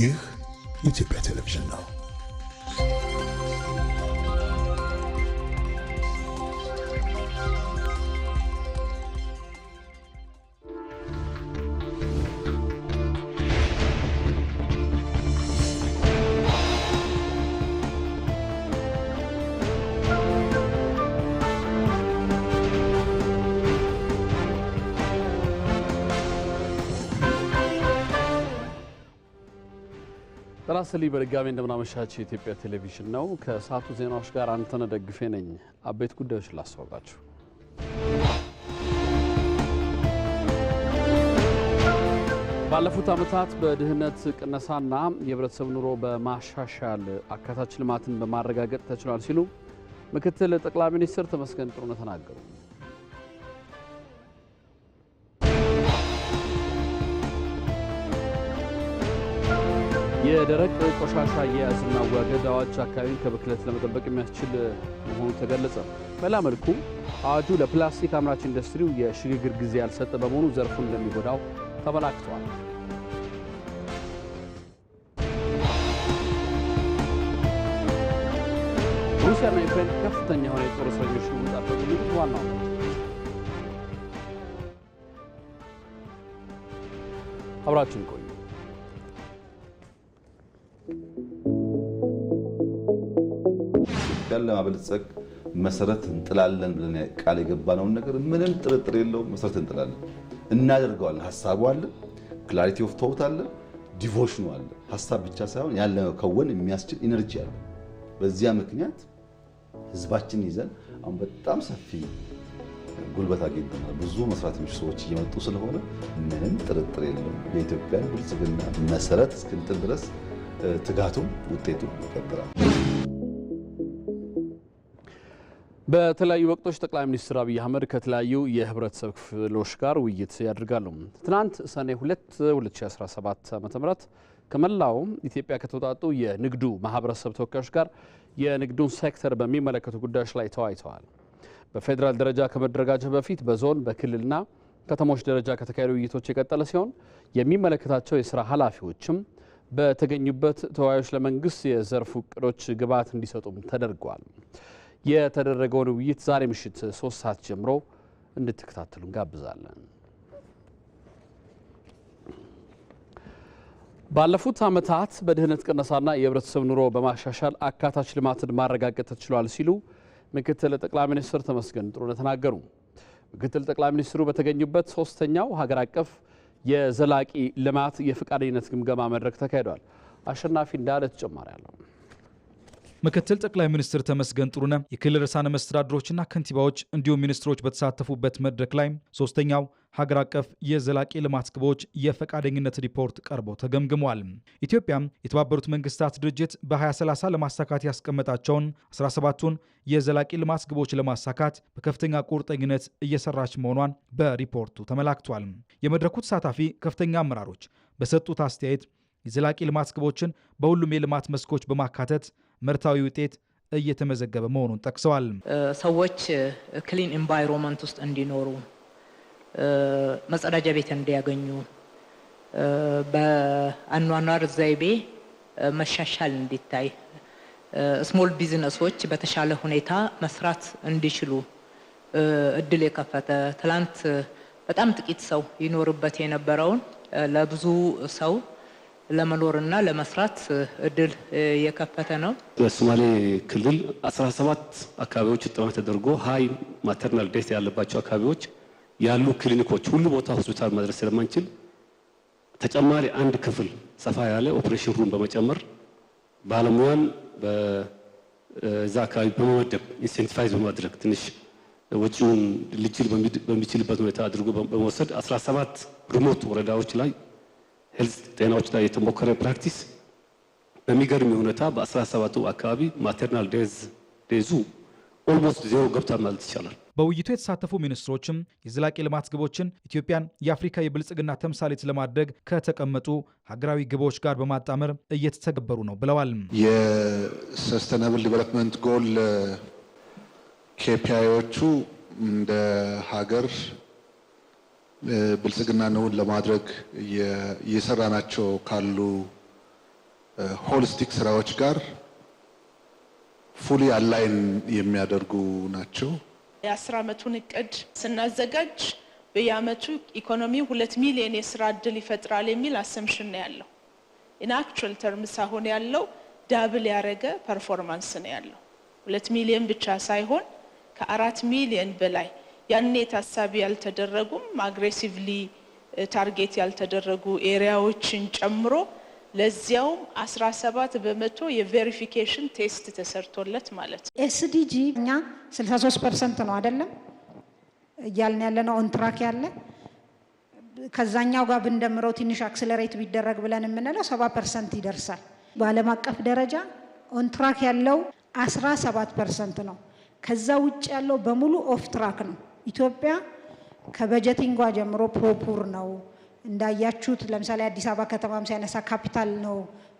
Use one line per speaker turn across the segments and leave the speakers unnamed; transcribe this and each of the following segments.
ይህ የኢትዮጵያ ቴሌቪዥን ነው። ጤና ይስጥልኝ በድጋሚ እንደምናመሻችሁ። የኢትዮጵያ ቴሌቪዥን ነው። ከሰዓቱ ዜናዎች ጋር አንተነ ደግፌ ነኝ። አበይት ጉዳዮች ላስታውቃችሁ። ባለፉት ዓመታት በድህነት ቅነሳና የህብረተሰብ ኑሮ በማሻሻል አካታች ልማትን በማረጋገጥ ተችሏል ሲሉ ምክትል ጠቅላይ ሚኒስትር ተመስገን ጥሩነህ ተናገሩ። የደረቅ ቆሻሻ አያያዝና አወጋገድ አዋጅ አካባቢን ከብክለት ለመጠበቅ የሚያስችል መሆኑ ተገለጸ። በሌላ መልኩ አዋጁ ለፕላስቲክ አምራች ኢንዱስትሪው የሽግግር ጊዜ ያልሰጠ በመሆኑ ዘርፉን እንደሚጎዳው ተመላክተዋል። ሩሲያና ዩክሬን ከፍተኛ የሆነ የጦር እስረኞች ልውውጥ አደረጉ። ዋናው አብራችን ቆዩ። ኢትዮጵያን ለማበልጸግ መሰረት እንጥላለን ብለን ቃል የገባነውን ነገር ምንም ጥርጥር የለውም መሰረት እንጥላለን፣ እናደርገዋለን። ሀሳቡ አለ፣ ክላሪቲ ኦፍ ቶት አለ፣ ዲቮሽኑ አለ። ሀሳብ ብቻ ሳይሆን ያለ ከወን የሚያስችል ኢነርጂ አለ። በዚያ ምክንያት ህዝባችን ይዘን አሁን በጣም ሰፊ ጉልበት አግኝተናል። ብዙ መስራት የሚችሉ ሰዎች እየመጡ ስለሆነ ምንም ጥርጥር የለው የኢትዮጵያን ብልጽግና መሰረት እስክንጥል ድረስ ትጋቱም ውጤቱም ይቀጥላል። በተለያዩ ወቅቶች ጠቅላይ ሚኒስትር አብይ አህመድ ከተለያዩ የህብረተሰብ ክፍሎች ጋር ውይይት ያደርጋሉ። ትናንት ሰኔ 2 2017 ዓ.ም ከመላው ኢትዮጵያ ከተውጣጡ የንግዱ ማህበረሰብ ተወካዮች ጋር የንግዱን ሴክተር በሚመለከቱ ጉዳዮች ላይ ተወያይተዋል። በፌዴራል ደረጃ ከመደረጋጀት በፊት በዞን በክልልና ከተሞች ደረጃ ከተካሄዱ ውይይቶች የቀጠለ ሲሆን የሚመለከታቸው የስራ ኃላፊዎችም በተገኙበት ተወያዮች ለመንግስት የዘርፉ እቅዶች ግብዓት እንዲሰጡም ተደርጓል። የተደረገውን ውይይት ዛሬ ምሽት ሶስት ሰዓት ጀምሮ እንድትከታተሉ እንጋብዛለን። ባለፉት ዓመታት በድህነት ቅነሳና የህብረተሰብ ኑሮ በማሻሻል አካታች ልማትን ማረጋገጥ ተችሏል ሲሉ ምክትል ጠቅላይ ሚኒስትር ተመስገን ጥሩነህ ተናገሩ። ምክትል ጠቅላይ ሚኒስትሩ በተገኙበት ሶስተኛው ሀገር አቀፍ የዘላቂ ልማት የፈቃደኝነት ግምገማ መድረክ ተካሂዷል። አሸናፊ እንዳለ ተጨማሪ አለው። ምክትል ጠቅላይ ሚኒስትር ተመስገን ጥሩነ የክልል ርዕሳነ መስተዳድሮችና ከንቲባዎች እንዲሁም ሚኒስትሮች በተሳተፉበት መድረክ ላይ ሶስተኛው ሀገር አቀፍ የዘላቂ ልማት ግቦች የፈቃደኝነት ሪፖርት ቀርቦ ተገምግሟል። ኢትዮጵያም የተባበሩት መንግስታት ድርጅት በ2030 ለማሳካት ያስቀመጣቸውን 17ቱን የዘላቂ ልማት ግቦች ለማሳካት በከፍተኛ ቁርጠኝነት እየሰራች መሆኗን በሪፖርቱ ተመላክቷል። የመድረኩ ተሳታፊ ከፍተኛ አመራሮች በሰጡት አስተያየት የዘላቂ ልማት ግቦችን በሁሉም የልማት መስኮች በማካተት ምርታዊ ውጤት እየተመዘገበ መሆኑን ጠቅሰዋል።
ሰዎች ክሊን ኢንቫይሮንመንት ውስጥ እንዲኖሩ መጸዳጃ ቤት እንዲያገኙ በአኗኗር ዘይቤ መሻሻል እንዲታይ ስሞል ቢዝነሶች በተሻለ ሁኔታ መስራት እንዲችሉ እድል የከፈተ ትላንት በጣም ጥቂት ሰው ይኖርበት የነበረውን ለብዙ ሰው ለመኖርና ለመስራት እድል የከፈተ ነው።
በሶማሌ ክልል 17 አካባቢዎች ጥናት ተደርጎ ሀይ ማተርናል ዴት ያለባቸው አካባቢዎች ያሉ ክሊኒኮች ሁሉ ቦታ ሆስፒታል ማድረስ ስለማንችል ተጨማሪ አንድ ክፍል ሰፋ ያለ ኦፕሬሽን ሩም በመጨመር ባለሙያን በዛ አካባቢ በመመደብ ኢንሴንቲቫይዝ በማድረግ ትንሽ ወጪውን ሊችል በሚችልበት ሁኔታ አድርጎ በመውሰድ 17 ሪሞት ወረዳዎች ላይ ሄልዝ ጤናዎች ላይ የተሞከረ ፕራክቲስ በሚገርም ሁኔታ በ 17 አካባቢ አካባቢ ማቴርናል ዴዙ ኦልሞስት ዜሮ ገብታ ማለት ይቻላል።
በውይይቱ የተሳተፉ ሚኒስትሮችም የዘላቂ ልማት ግቦችን ኢትዮጵያን የአፍሪካ የብልጽግና ተምሳሌት ለማድረግ ከተቀመጡ ሀገራዊ ግቦች ጋር በማጣመር እየተተገበሩ ነው ብለዋል።
የሰስተናብል ዲቨሎፕመንት ጎል ኬፒአይዎቹ እንደ ሀገር ብልጽግና እውን ለማድረግ ናቸው ካሉ ሆሊስቲክ ስራዎች ጋር ፉሊ አላይን የሚያደርጉ ናቸው።
የአስር አመቱን እቅድ ስናዘጋጅ በየአመቱ ኢኮኖሚ ሁለት ሚሊዮን የስራ እድል ይፈጥራል የሚል አሰምሽን ነው ያለው። ኢንአክቹዋል ተርምስ አሁን ያለው ዳብል ያደረገ ፐርፎርማንስ ነው ያለው። ሁለት ሚሊዮን ብቻ ሳይሆን ከአራት ሚሊዮን በላይ ያኔ ታሳቢ ያልተደረጉም አግሬሲቭሊ ታርጌት ያልተደረጉ ኤሪያዎችን ጨምሮ ለዚያውም 17 በመቶ የቬሪፊኬሽን ቴስት ተሰርቶለት ማለት
ነው። ኤስዲጂ እኛ 63 ፐርሰንት ነው አይደለም እያልን ያለ ነው ኦንትራክ ያለ ከዛኛው ጋር ብንደምረው ትንሽ አክስለሬት ቢደረግ ብለን የምንለው 70 ፐርሰንት ይደርሳል። በዓለም አቀፍ ደረጃ ኦንትራክ ያለው 17 ፐርሰንት ነው። ከዛ ውጭ ያለው በሙሉ ኦፍ ትራክ ነው። ኢትዮጵያ ከበጀቲንጓ ጀምሮ ፕሮፑር ነው እንዳያችሁት። ለምሳሌ አዲስ አበባ ከተማም ሲያነሳ ካፒታል ነው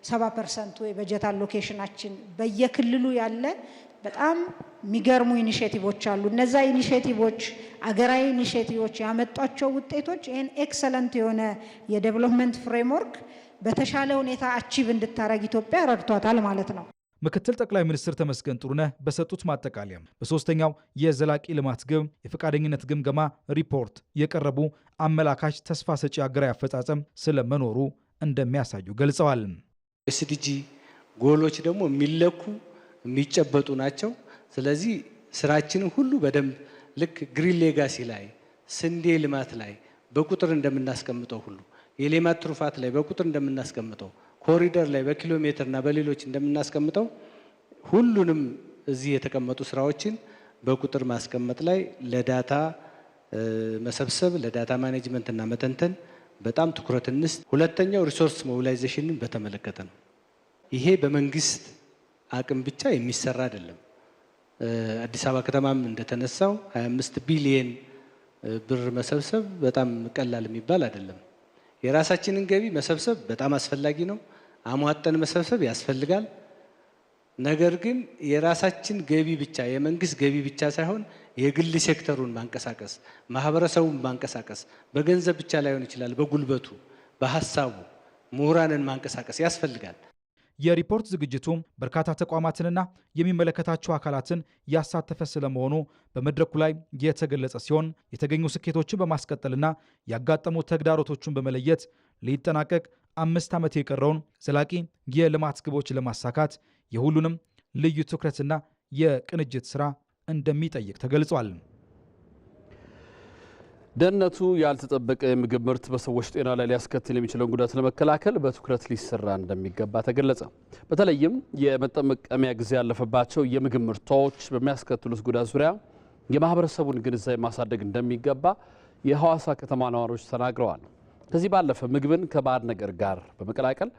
ሰባ ፐርሰንቱ የበጀት አሎኬሽናችን። በየክልሉ ያለ በጣም የሚገርሙ ኢኒሽቲቮች አሉ። እነዛ ኢኒሽቲቮች አገራዊ ኢኒሽቲቮች ያመጧቸው ውጤቶች ይህን ኤክሰለንት የሆነ የዴቨሎፕመንት ፍሬምወርክ በተሻለ ሁኔታ አቺቭ እንድታደረግ ኢትዮጵያ ረድቷታል ማለት ነው።
ምክትል ጠቅላይ ሚኒስትር ተመስገን ጥሩነህ በሰጡት ማጠቃለያም በሶስተኛው የዘላቂ ልማት ግብ የፈቃደኝነት ግምገማ ሪፖርት የቀረቡ አመላካች ተስፋ ሰጪ ሀገራዊ አፈጻጸም ስለመኖሩ እንደሚያሳዩ ገልጸዋል።
ኤስዲጂ ጎሎች ደግሞ የሚለኩ የሚጨበጡ ናቸው። ስለዚህ ስራችን ሁሉ በደንብ ልክ ግሪን ሌጋሲ ላይ ስንዴ ልማት ላይ በቁጥር እንደምናስቀምጠው ሁሉ የሌማት ትሩፋት ላይ በቁጥር እንደምናስቀምጠው ኮሪደር ላይ በኪሎ ሜትር በሌሎች እንደምናስቀምጠው ሁሉንም እዚህ የተቀመጡ ስራዎችን በቁጥር ማስቀመጥ ላይ ለዳታ መሰብሰብ ለዳታ ማኔጅመንት እና መተንተን በጣም ትኩረት እንስት። ሁለተኛው ሪሶርስ ሞቢላይዜሽንን በተመለከተ ነው። ይሄ በመንግስት አቅም ብቻ የሚሰራ አይደለም። አዲስ አበባ ከተማም እንደተነሳው 25 ቢሊየን ብር መሰብሰብ በጣም ቀላል የሚባል አይደለም። የራሳችንን ገቢ መሰብሰብ በጣም አስፈላጊ ነው። አሟጠን መሰብሰብ ያስፈልጋል። ነገር ግን የራሳችን ገቢ ብቻ የመንግስት ገቢ ብቻ ሳይሆን የግል ሴክተሩን ማንቀሳቀስ፣ ማህበረሰቡን ማንቀሳቀስ በገንዘብ ብቻ ላይሆን ይችላል። በጉልበቱ፣ በሀሳቡ ምሁራንን ማንቀሳቀስ ያስፈልጋል።
የሪፖርት ዝግጅቱ በርካታ ተቋማትንና የሚመለከታቸው አካላትን ያሳተፈ ስለመሆኑ በመድረኩ ላይ የተገለጸ ሲሆን የተገኙ ስኬቶችን በማስቀጠልና ያጋጠሙ ተግዳሮቶችን በመለየት ሊጠናቀቅ አምስት ዓመት የቀረውን ዘላቂ የልማት ግቦች ለማሳካት የሁሉንም ልዩ ትኩረትና የቅንጅት ስራ እንደሚጠይቅ ተገልጿል። ደህንነቱ ያልተጠበቀ የምግብ ምርት በሰዎች ጤና ላይ ሊያስከትል የሚችለውን ጉዳት ለመከላከል በትኩረት ሊሰራ እንደሚገባ ተገለጸ። በተለይም የመጠመቀሚያ ጊዜ ያለፈባቸው የምግብ ምርቶች በሚያስከትሉት ጉዳት ዙሪያ የማህበረሰቡን ግንዛቤ ማሳደግ እንደሚገባ የሐዋሳ ከተማ ነዋሪዎች ተናግረዋል። ከዚህ ባለፈ ምግብን ከባድ ነገር ጋር በመቀላቀል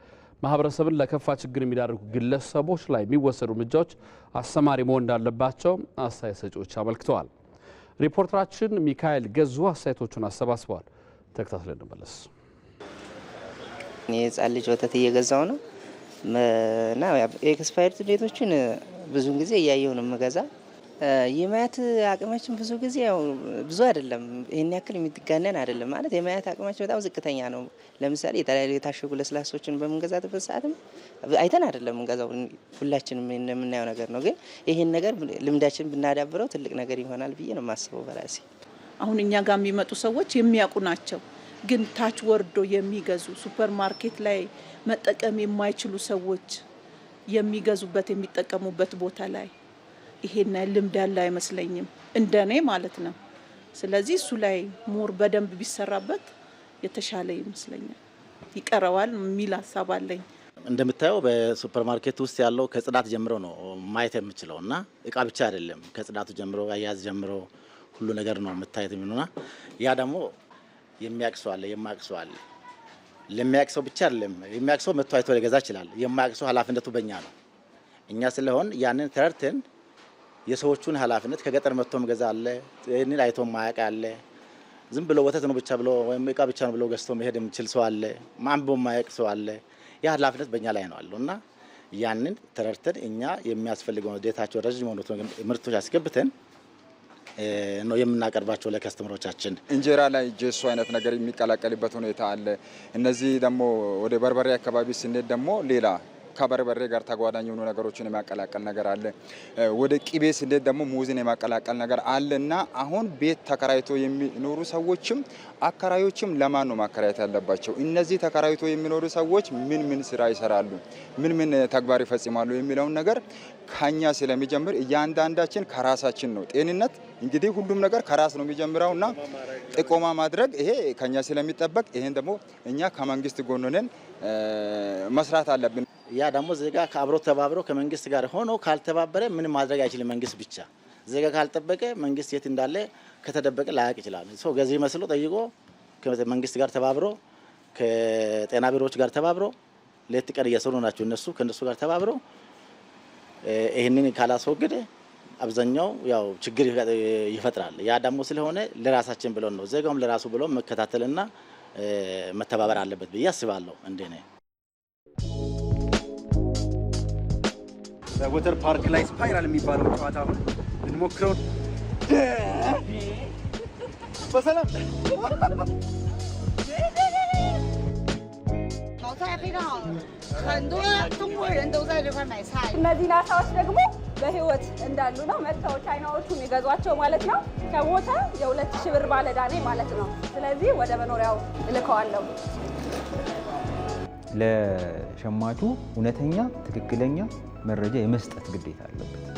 ማህበረሰብን ለከፋ ችግር የሚዳርጉ ግለሰቦች ላይ የሚወሰዱ እርምጃዎች አስተማሪ መሆን እንዳለባቸው አስተያየት ሰጪዎች አመልክተዋል። ሪፖርተራችን ሚካኤል ገዙ አስተያየቶቹን አሰባስበዋል። ተከታትለን እንመለስ።
የህፃን ልጅ ወተት እየገዛው ነው እና ኤክስፓየርድ ዴቶችን ብዙውን ጊዜ እያየሁ ነው የምገዛ የማያት አቅማችን ብዙ ጊዜ ያው ብዙ አይደለም፣ ይህን ያክል የሚጋነን አይደለም ማለት የማያት አቅማችን በጣም ዝቅተኛ ነው። ለምሳሌ የተለያዩ የታሸጉ ለስላሶችን በምንገዛትበት ሰዓትም አይተን አይደለም የምንገዛው፣ ሁላችንም የምናየው ነገር ነው። ግን ይህን ነገር ልምዳችን ብናዳብረው ትልቅ ነገር ይሆናል ብዬ ነው የማስበው በራሴ።
አሁን እኛ ጋር የሚመጡ ሰዎች የሚያውቁ ናቸው። ግን ታች ወርዶ የሚገዙ ሱፐር ማርኬት ላይ መጠቀም የማይችሉ ሰዎች የሚገዙበት የሚጠቀሙበት ቦታ ላይ ይሄን ልምድ ያለ አይመስለኝም እንደኔ ማለት ነው። ስለዚህ እሱ ላይ ሞር በደንብ ቢሰራበት የተሻለ ይመስለኛል። ይቀረዋል የሚል ሀሳብ አለኝ።
እንደምታየው በሱፐርማርኬት ውስጥ ያለው ከጽዳት ጀምሮ ነው ማየት የምችለው እና እቃ ብቻ አይደለም ከጽዳቱ ጀምሮ አያያዝ ጀምሮ ሁሉ ነገር ነው የምታየት የሚሆኑና ያ ደግሞ የሚያቅሰዋለ የማያቅሰዋለ ለሚያቅሰው ብቻ አይደለም የሚያቅሰው መቶ አይቶ ሊገዛ ይችላል። የማያቅሰው ኃላፊነቱ በእኛ ነው። እኛ ስለሆን ያንን ተረድተን የሰዎቹን ኃላፊነት ከገጠር መጥቶ ምገዛ አለ። ይህንን አይቶ ማያቅ አለ። ዝም ብሎ ወተት ነው ብቻ ብሎ ወይም እቃ ብቻ ነው ብሎ ገዝቶ መሄድ የሚችል ሰው አለ። ማንቦ ማያቅ ሰው አለ። ያ ኃላፊነት በእኛ ላይ ነው አለው እና ያንን ተረድተን እኛ የሚያስፈልገው ዴታቸው ረዥም የሆኑት ምርቶች አስገብተን ነው የምናቀርባቸው ለከስተመሮቻችን።
እንጀራ ላይ ጀሶ አይነት ነገር የሚቀላቀልበት ሁኔታ አለ። እነዚህ ደግሞ ወደ በርበሬ አካባቢ ስንሄድ ደግሞ ሌላ ከበርበሬ ጋር ተጓዳኝ የሆኑ ነገሮችን የማቀላቀል ነገር አለ። ወደ ቂቤ ስንዴት ደግሞ ሙዝን የማቀላቀል ነገር አለ እና አሁን ቤት ተከራይቶ የሚኖሩ ሰዎችም አከራዮችም ለማን ነው ማከራየት ያለባቸው? እነዚህ ተከራይቶ የሚኖሩ ሰዎች ምን ምን ስራ ይሰራሉ፣ ምን ምን ተግባር ይፈጽማሉ የሚለውን ነገር ከኛ ስለሚጀምር እያንዳንዳችን ከራሳችን ነው። ጤንነት እንግዲህ ሁሉም ነገር ከራስ ነው የሚጀምረው እና ጥቆማ ማድረግ ይሄ ከኛ ስለሚጠበቅ ይሄን ደግሞ እኛ ከመንግስት ጎን ሆነን መስራት አለብን።
ያ ደግሞ ዜጋ ከአብሮ ተባብሮ ከመንግስት ጋር ሆኖ ካልተባበረ ምንም ማድረግ አይችልም። መንግስት ብቻ ዜጋ ካልጠበቀ መንግስት የት እንዳለ ከተደበቀ ላያቅ ይችላል። ሰው ገዢ መስሎ ጠይቆ ከመንግስት ጋር ተባብሮ ከጤና ቢሮዎች ጋር ተባብሮ ሌት ቀን እየሰሩ ናቸው። እነሱ ከእነሱ ጋር ተባብሮ ይህንን ካላስወገደ አብዛኛው ያው ችግር ይፈጥራል። ያ ደግሞ ስለሆነ ለራሳችን ብሎን ነው ዜጋውም ለራሱ ብሎ መከታተልና መተባበር አለበት ብዬ አስባለሁ
በወተር ፓርክ ላይ ስፓይራል የሚባለው ጨዋታ አሁን እንሞክረው። በሰላም
እነዚህ ናሳዎች ደግሞ በህይወት እንዳሉ ነው መጥተው ቻይናዎቹ የሚገዟቸው ማለት ነው። ከቦታ የሁለት ሺህ ብር ባለዳኔ ማለት ነው። ስለዚህ ወደ መኖሪያው እልከዋለሁ።
ለሸማቹ እውነተኛ ትክክለኛ መረጃ የመስጠት ግዴታ አለበት።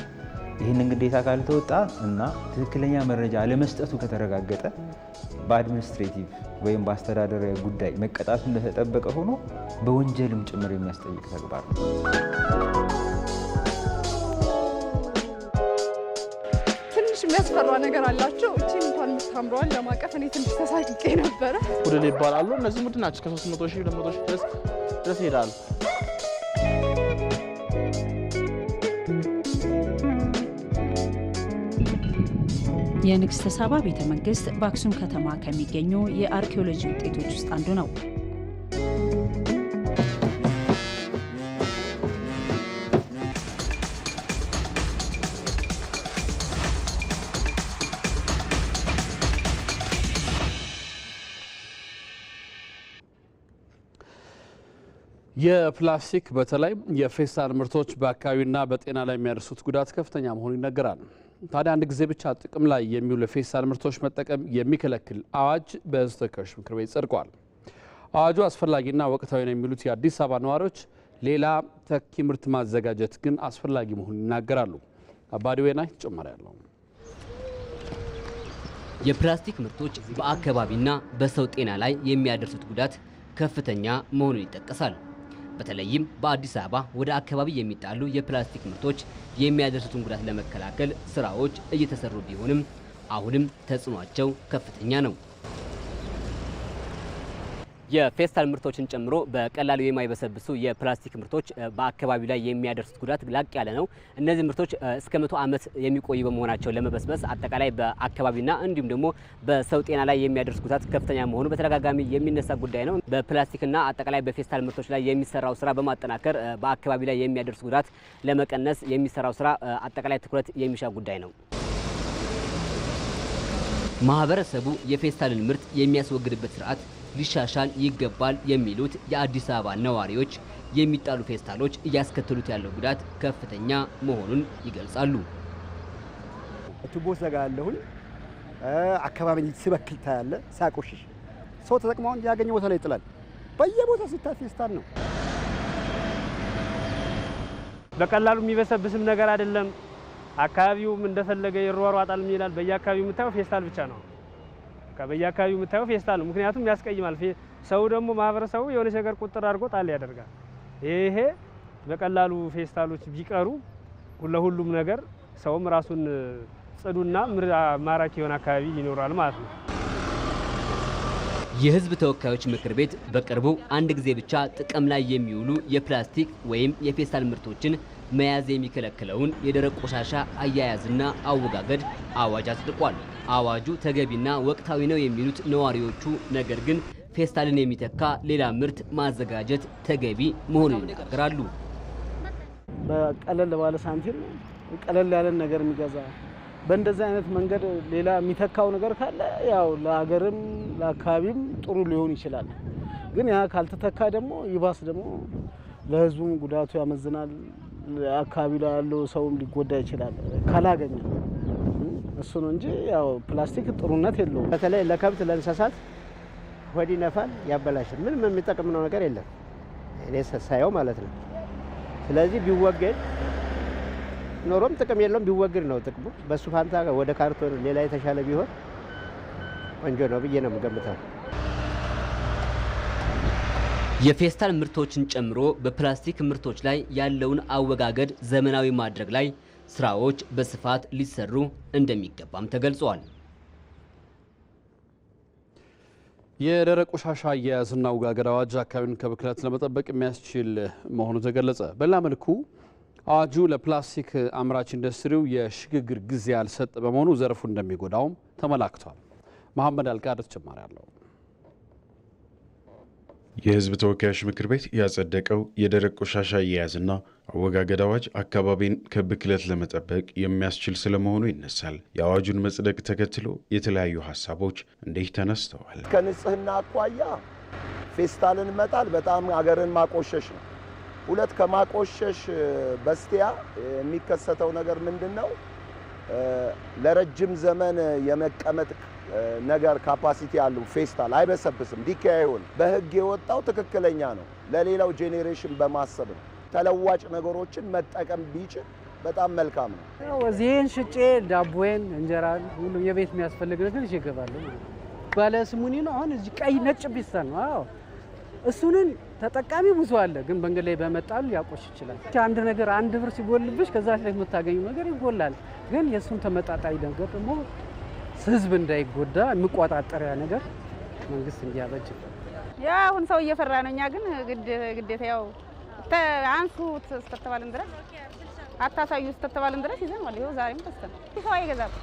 ይህንን ግዴታ ካልተወጣ እና ትክክለኛ መረጃ አለመስጠቱ ከተረጋገጠ በአድሚኒስትሬቲቭ ወይም በአስተዳደራዊ ጉዳይ መቀጣቱ እንደተጠበቀ ሆኖ በወንጀልም ጭምር የሚያስጠይቅ ተግባር ነው።
የሚያስፈራ ነገር አላቸው። እቺ እንኳን ምታምረዋል ለማቀፍ እኔ ትንሽ ተሳቅቄ ነበረ።
ሁደል ይባላሉ። እነዚህ ሙድ ናቸው። ከ300 ሺህ 200 ሺህ ድረስ ይሄዳሉ።
የንግሥተ ሳባ ቤተ መንግሥት በአክሱም ከተማ ከሚገኙ የአርኪኦሎጂ ውጤቶች ውስጥ አንዱ ነው።
የፕላስቲክ በተለይ የፌስታል ምርቶች በአካባቢና በጤና ላይ የሚያደርሱት ጉዳት ከፍተኛ መሆኑ ይነገራል። ታዲያ አንድ ጊዜ ብቻ ጥቅም ላይ የሚውሉ የፌስታል ምርቶች መጠቀም የሚከለክል አዋጅ በሕዝብ ተወካዮች ምክር ቤት ጸድቋል። አዋጁ አስፈላጊና ወቅታዊ ነው የሚሉት የአዲስ አበባ ነዋሪዎች ሌላ ተኪ ምርት ማዘጋጀት ግን አስፈላጊ መሆኑን ይናገራሉ። አባዲ ወይና ተጨማሪ ያለው
የፕላስቲክ ምርቶች በአካባቢና በሰው ጤና ላይ የሚያደርሱት ጉዳት ከፍተኛ መሆኑን ይጠቀሳል። በተለይም በአዲስ አበባ ወደ አካባቢ የሚጣሉ የፕላስቲክ ምርቶች የሚያደርሱትን ጉዳት ለመከላከል ስራዎች እየተሰሩ ቢሆንም አሁንም ተጽዕኗቸው ከፍተኛ ነው።
የፌስታል ምርቶችን ጨምሮ በቀላሉ የማይበሰብሱ የፕላስቲክ ምርቶች በአካባቢው ላይ የሚያደርሱት ጉዳት ላቅ ያለ ነው። እነዚህ ምርቶች እስከ መቶ ዓመት የሚቆዩ በመሆናቸው ለመበስበስ አጠቃላይ በአካባቢና እንዲሁም ደግሞ በሰው ጤና ላይ የሚያደርስ ጉዳት ከፍተኛ መሆኑ በተደጋጋሚ የሚነሳ ጉዳይ ነው። በፕላስቲክና አጠቃላይ በፌስታል ምርቶች ላይ የሚሰራው ስራ በማጠናከር በአካባቢ ላይ የሚያደርስ ጉዳት ለመቀነስ የሚሰራው ስራ አጠቃላይ ትኩረት የሚሻ ጉዳይ ነው።
ማህበረሰቡ የፌስታልን ምርት የሚያስወግድበት ስርዓት ሊሻሻል ይገባል የሚሉት የአዲስ አበባ ነዋሪዎች የሚጣሉ ፌስታሎች እያስከተሉት ያለው ጉዳት ከፍተኛ መሆኑን ይገልጻሉ።
ቱቦ ዘጋለሁኝ፣ አካባቢ ሲበክል ታያለ። ሲያቆሽሽ ሰው ተጠቅመውን ያገኘ ቦታ ላይ ይጥላል። በየቦታ ሲታይ ፌስታል ነው።
በቀላሉ የሚበሰብስም ነገር አይደለም። አካባቢውም እንደፈለገ ይሯሯጣል ይላል። በየአካባቢው የምታየው ፌስታል ብቻ ነው። በየአካባቢው የምታየው ፌስታል ነው። ምክንያቱም ያስቀይማል። ሰው ደግሞ ማህበረሰቡ የሆነች ነገር ቁጥር አድርጎ ጣል ያደርጋል። ይሄ በቀላሉ ፌስታሎች ቢቀሩ ለሁሉም ነገር ሰውም ራሱን ጽዱና ማራኪ የሆነ አካባቢ ይኖራል ማለት ነው።
የህዝብ ተወካዮች ምክር ቤት በቅርቡ አንድ ጊዜ ብቻ ጥቅም ላይ የሚውሉ የፕላስቲክ ወይም የፌስታል ምርቶችን መያዝ የሚከለክለውን የደረቅ ቆሻሻ አያያዝና አወጋገድ አዋጅ አጽድቋል። አዋጁ ተገቢና ወቅታዊ ነው የሚሉት ነዋሪዎቹ፣ ነገር ግን ፌስታልን የሚተካ ሌላ ምርት ማዘጋጀት ተገቢ መሆኑን ይናገራሉ።
በቀለል ባለ ሳንቲም ቀለል ያለን ነገር የሚገዛ በእንደዚህ አይነት መንገድ ሌላ የሚተካው ነገር ካለ ያው ለሀገርም ለአካባቢም ጥሩ ሊሆን ይችላል። ግን ያ ካልተተካ ደግሞ ይባስ ደግሞ ለህዝቡም ጉዳቱ ያመዝናል። አካባቢ ላይ ያለው ሰውም ሊጎዳ ይችላል ካላገኘ እሱ ነው እንጂ ያው ፕላስቲክ ጥሩነት የለውም።
በተለይ ለከብት ለእንስሳት ሆድ ይነፋል፣ ያበላሻል። ምንም የሚጠቅም ነው ነገር የለም እኔ ሳየው ማለት ነው። ስለዚህ ቢወገድ ኖሮም ጥቅም የለውም ቢወግድ ነው ጥቅሙ። በእሱ ፋንታ ወደ ካርቶን ሌላ የተሻለ ቢሆን ቆንጆ ነው ብዬ ነው የምገምተው።
የፌስታል ምርቶችን ጨምሮ በፕላስቲክ ምርቶች ላይ ያለውን አወጋገድ ዘመናዊ ማድረግ ላይ ስራዎች በስፋት ሊሰሩ እንደሚገባም ተገልጿል።
የደረቅ ቆሻሻ አያያዝና አወጋገድ አዋጅ አካባቢን ከብክለት ለመጠበቅ የሚያስችል መሆኑ ተገለጸ። በሌላ መልኩ አዋጁ ለፕላስቲክ አምራች ኢንዱስትሪው የሽግግር ጊዜ ያልሰጥ በመሆኑ ዘርፉ እንደሚጎዳውም ተመላክቷል። መሐመድ አልቃድር ተጨማሪ አለው።
የህዝብ ተወካዮች ምክር ቤት ያጸደቀው የደረቅ ቆሻሻ አያያዝና አወጋገድ አዋጅ አካባቢን ከብክለት ለመጠበቅ የሚያስችል ስለመሆኑ ይነሳል። የአዋጁን መጽደቅ ተከትሎ የተለያዩ ሀሳቦች እንዲህ ተነስተዋል።
ከንጽህና አኳያ ፌስታልን መጣል በጣም አገርን ማቆሸሽ ነው። ሁለት ከማቆሸሽ በስቲያ የሚከሰተው ነገር ምንድን ነው? ለረጅም ዘመን የመቀመጥ ነገር ካፓሲቲ ያለው ፌስታል አይበሰብስም፣ ዲኬ አይሆንም። በህግ የወጣው ትክክለኛ ነው። ለሌላው ጄኔሬሽን በማሰብ ነው። ተለዋጭ ነገሮችን መጠቀም ቢችል በጣም መልካም ነው።
እዚህን ሽጬ ዳቦዬን፣ እንጀራን፣ ሁሉም የቤት የሚያስፈልግነትን ይገባለሁ። ባለ ስሙኒ ነው አሁን እዚህ ቀይ ነጭ ቢሳ ነው እሱንን ተጠቃሚ ብዙ አለ፣ ግን መንገድ ላይ በመጣሉ ያቆሽ ይችላል። አንድ ነገር አንድ ብር ሲጎልብሽ ከዛ ላይ የምታገኙ ነገር ይጎላል። ግን የእሱን ተመጣጣኝ ነገር ደግሞ ህዝብ እንዳይጎዳ የሚቆጣጠሪያ ነገር መንግስት እንዲያበጅ
ያ አሁን ሰው እየፈራ ነው። እኛ ግን ግዴታ ያው አንሱ እስከተባልን ድረስ አታሳዩ እስከተባልን ድረስ ይዘን ዋለ። ይኸው ዛሬም ተስተን ሰው አይገዛም።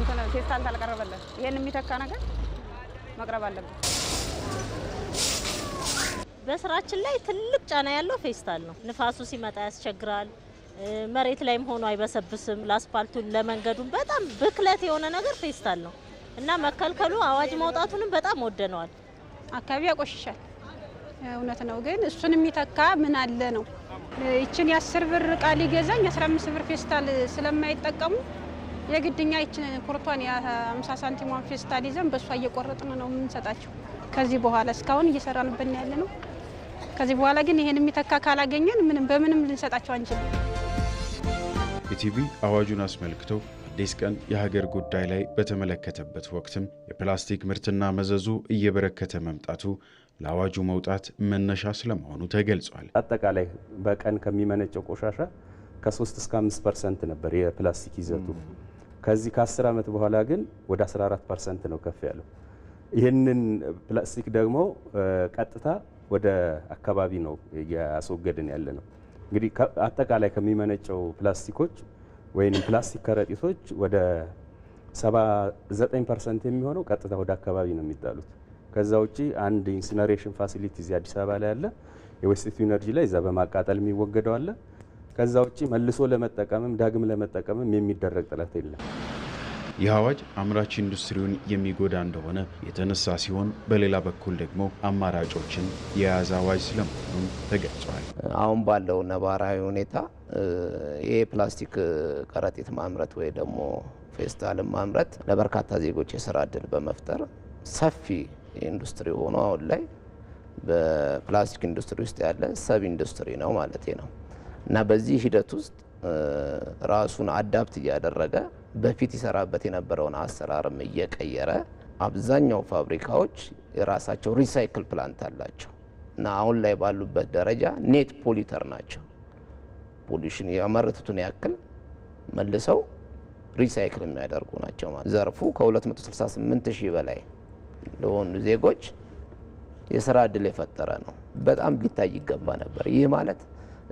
እንትን ፌስታል ታልቀረበለን ይሄን የሚተካ ነገር መቅረብ አለበት።
በስራችን ላይ ትልቅ ጫና ያለው ፌስታል ነው። ንፋሱ ሲመጣ ያስቸግራል። መሬት ላይም ሆኖ አይበሰብስም። ለአስፓልቱን፣ ለመንገዱን በጣም ብክለት የሆነ ነገር ፌስታል ነው እና መከልከሉ አዋጅ ማውጣቱንም በጣም ወደነዋል።
አካባቢ ያቆሽሻል፣ እውነት ነው። ግን እሱን የሚተካ ምን አለ ነው? ይችን የአስር ብር እቃ ሊገዛኝ አስራ አምስት ብር ፌስታል ስለማይጠቀሙ የግድኛ ይችን ኩርቷን የአምሳ ሳንቲሟን ፌስታል ይዘን በእሷ እየቆረጥን ነው የምንሰጣቸው። ከዚህ በኋላ እስካሁን እየሰራንበት ያለ ነው። ከዚህ በኋላ ግን ይሄን የሚተካ ካላገኘን ምንም በምንም ልንሰጣቸው አንችልም።
ኢቲቪ አዋጁን አስመልክቶ አዲስ ቀን የሀገር ጉዳይ ላይ በተመለከተበት ወቅትም የፕላስቲክ ምርትና መዘዙ እየበረከተ መምጣቱ ለአዋጁ መውጣት መነሻ ስለመሆኑ ተገልጿል።
አጠቃላይ በቀን ከሚመነጨው ቆሻሻ ከ3 እስከ 5 ፐርሰንት ነበር የፕላስቲክ ይዘቱ። ከዚህ ከ10 ዓመት በኋላ ግን ወደ 14 ፐርሰንት ነው ከፍ ያለው። ይህንን ፕላስቲክ ደግሞ ቀጥታ ወደ አካባቢ ነው እያስወገድን ያለ ነው። እንግዲህ አጠቃላይ ከሚመነጨው ፕላስቲኮች ወይም ፕላስቲክ ከረጢቶች ወደ 79 ፐርሰንት የሚሆነው ቀጥታ ወደ አካባቢ ነው የሚጣሉት። ከዛ ውጪ አንድ ኢንሲነሬሽን ፋሲሊቲ እዚህ አዲስ አበባ ላይ አለ። የዌስት ኢነርጂ ላይ እዛ በማቃጠል የሚወገደው አለ። ከዛ ውጪ መልሶ ለመጠቀምም ዳግም ለመጠቀምም የሚደረግ ጥረት የለም።
ይህ አዋጅ አምራች ኢንዱስትሪውን የሚጎዳ እንደሆነ የተነሳ ሲሆን በሌላ በኩል ደግሞ አማራጮችን የያዘ አዋጅ ስለመሆኑም ተገልጿል።
አሁን ባለው ነባራዊ ሁኔታ ይሄ ፕላስቲክ ከረጢት ማምረት ወይ ደግሞ ፌስታልን ማምረት ለበርካታ ዜጎች የስራ እድል በመፍጠር ሰፊ ኢንዱስትሪ ሆኖ አሁን ላይ በፕላስቲክ ኢንዱስትሪ ውስጥ ያለ ሰብ ኢንዱስትሪ ነው ማለት ነው እና በዚህ ሂደት ውስጥ ራሱን አዳፕት እያደረገ በፊት ይሰራበት የነበረውን አሰራርም እየቀየረ አብዛኛው ፋብሪካዎች የራሳቸው ሪሳይክል ፕላንት አላቸው እና አሁን ላይ ባሉበት ደረጃ ኔት ፖሊተር ናቸው። ፖሊሽን ያመረቱትን ያክል መልሰው ሪሳይክል የሚያደርጉ ናቸው። ዘርፉ ከ268 ሺህ በላይ ለሆኑ ዜጎች የስራ እድል የፈጠረ ነው። በጣም ሊታይ ይገባ ነበር። ይህ ማለት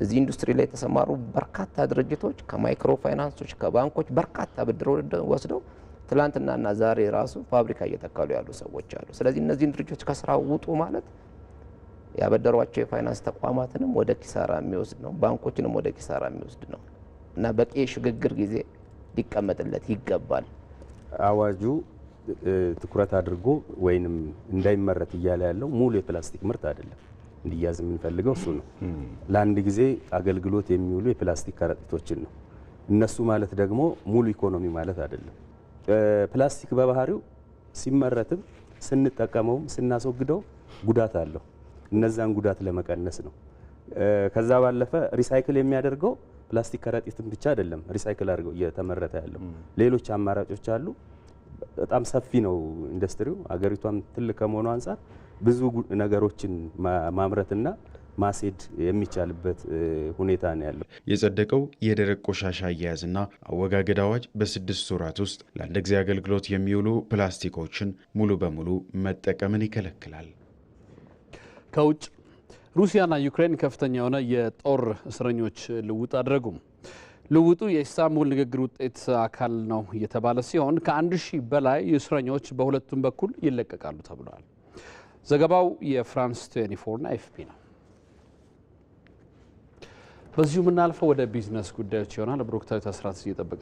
እዚህ ኢንዱስትሪ ላይ የተሰማሩ በርካታ ድርጅቶች ከማይክሮ ፋይናንሶች ከባንኮች በርካታ ብድር ወስደው ትላንትናና ዛሬ ራሱ ፋብሪካ እየተከሉ ያሉ ሰዎች አሉ። ስለዚህ እነዚህን ድርጅቶች ከስራ ውጡ ማለት ያበደሯቸው የፋይናንስ ተቋማትንም ወደ ኪሳራ የሚወስድ ነው፣ ባንኮችንም ወደ ኪሳራ የሚወስድ ነው እና በቂ የሽግግር ጊዜ ሊቀመጥለት ይገባል።
አዋጁ ትኩረት አድርጎ ወይንም እንዳይመረት እያለ ያለው ሙሉ የፕላስቲክ ምርት አይደለም። እንዲያዝ የምንፈልገው እሱ ነው። ለአንድ ጊዜ አገልግሎት የሚውሉ የፕላስቲክ ከረጢቶችን ነው። እነሱ ማለት ደግሞ ሙሉ ኢኮኖሚ ማለት አይደለም። ፕላስቲክ በባህሪው ሲመረትም ስንጠቀመውም ስናስወግደው ጉዳት አለው። እነዛን ጉዳት ለመቀነስ ነው። ከዛ ባለፈ ሪሳይክል የሚያደርገው ፕላስቲክ ከረጢትም ብቻ አይደለም። ሪሳይክል አድርገው እየተመረተ ያለው ሌሎች አማራጮች አሉ። በጣም ሰፊ ነው ኢንዱስትሪው። አገሪቷም ትልቅ ከመሆኑ አንጻር ብዙ ነገሮችን ማምረትና ማስሄድ የሚቻልበት ሁኔታ ነው ያለው።
የጸደቀው የደረቅ ቆሻሻ አያያዝና አወጋገድ አዋጅ በስድስት ወራት ውስጥ ለአንድ ጊዜ አገልግሎት የሚውሉ ፕላስቲኮችን ሙሉ በሙሉ መጠቀምን ይከለክላል።
ከውጭ ሩሲያና ዩክሬን ከፍተኛ የሆነ የጦር እስረኞች ልውጥ አድረጉም። ልውጡ የኢስታንቡል ንግግር ውጤት አካል ነው እየተባለ ሲሆን ከአንድ ሺህ በላይ እስረኞች በሁለቱም በኩል ይለቀቃሉ ተብሏል። ዘገባው የፍራንስ 24ና ኤፍፒ ነው። በዚሁ የምናልፈው ወደ ቢዝነስ ጉዳዮች ይሆናል። ብሩክታዊት አስራት እየጠበቀ